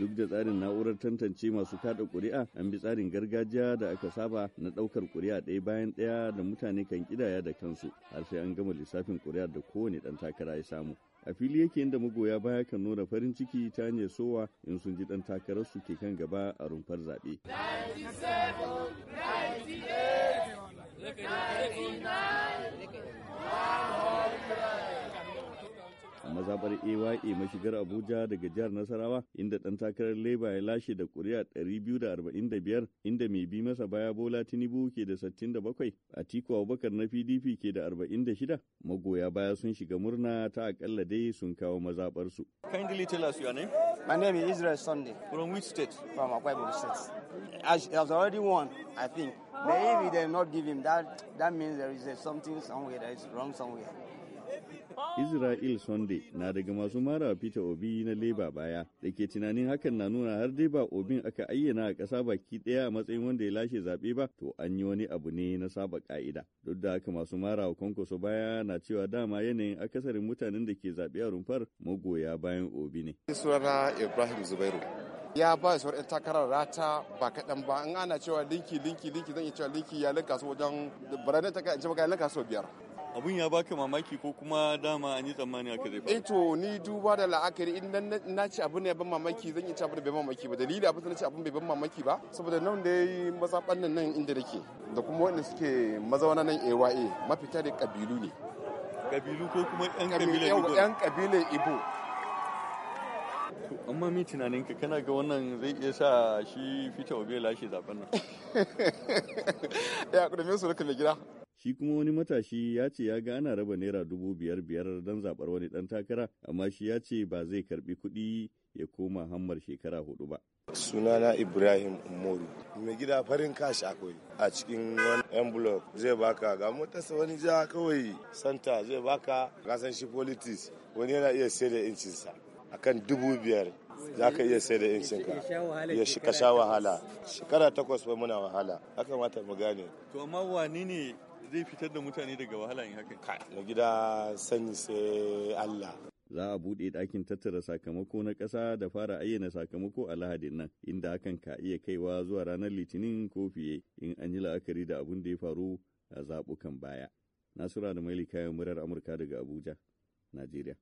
duk da tsarin na'urar tantance masu kada kuri'a an bi tsarin gargajiya da aka saba na daukar kuri'a ɗaya bayan ɗaya da mutane kan kidaya da kansu har sai an gama lissafin kuri'a da kowane ɗan takara ya samu a fili yake inda magoya baya kan nuna farin ciki ta hanyar sowa in sun ji ɗan takarar su ke kan gaba a rumfar zaɓe. mazabar AYA mashigar Abuja daga jihar Nasarawa inda dan takarar Leba ya lashe da kuri'a 245 inda mai bi masa baya Bola Tinubu ke da 67, Atiku Abubakar na PDP ke da 46, magoya baya sun shiga murna ta akalla dai sun kawo mazabar su. Kindly tell us your name. My name is Israel Sunday. From which state? From Akwa Ibom State. I has already won, I think. Maybe they not give him that, that means there is something somewhere that is wrong somewhere. Israel Sunday na daga masu mara Peter Obi na leba baya da ke tunanin hakan na nuna har dai ba Obin aka ayyana a ƙasa baki ɗaya a matsayin wanda ya lashe zaɓe ba to an yi wani abu ne na saba ƙa'ida. Duk da haka masu mara wa kwankwaso baya na cewa dama yanayin akasarin mutanen da ke zaɓe a rumfar magoya bayan Obi ne. Sunana Ibrahim Zubairu. ya ba su wani takarar rata ba kaɗan ba in ana cewa linki linki linki zan iya cewa linki ya linka su wajen baranin takarar in ce ya linka su biyar abun ya baka mamaki ko kuma dama an yi tsammani haka zai faru eh to ni duba da la'akari in nan na ci abun ya ban mamaki zan yi ci abun bai mamaki ba dalili abin na ci abun bai ban mamaki ba saboda nan da yayi mazaban nan nan inda nake da kuma wanda suke mazauna nan AYA mafita da kabilu ne kabilu ko kuma yan kabilan Ibo yan kabilan Ibo amma mi tunanin ka kana ga wannan zai iya sa shi fita bai lashe zaben nan ya me su da gida Shi kuma wani matashi ya ce ya ga ana raba naira dubu biyar biyar don zaɓar wani ɗan takara, amma shi ya ce ba zai karɓi kuɗi ya koma hammar shekara hudu ba. Sunana Ibrahim Umaru. Mai gida farin kashi akwai a cikin wani envelope zai baka ga motarsa wani ja kawai santa zai baka kasan shi politics wani yana iya sai da incinsa kan dubu biyar za ka iya sai da incinka ya ka sha wahala shekara takwas ba muna wahala haka mata mu gane to amma wani ne zai fitar da mutane daga wahala in hakan ka na gida sani sai Allah za a buɗe ɗakin tattara sakamako na ƙasa da fara ayyana sakamako a lahadin nan inda hakan ka iya kaiwa zuwa ranar litinin ko fiye in an yi la'akari da abin da ya faru a zaɓukan baya nasura da maili kayan murar amurka daga abuja najeriya